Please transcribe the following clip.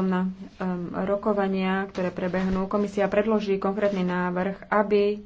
na um, rokovania, ktoré prebehnú, komisia predloží konkrétny návrh, aby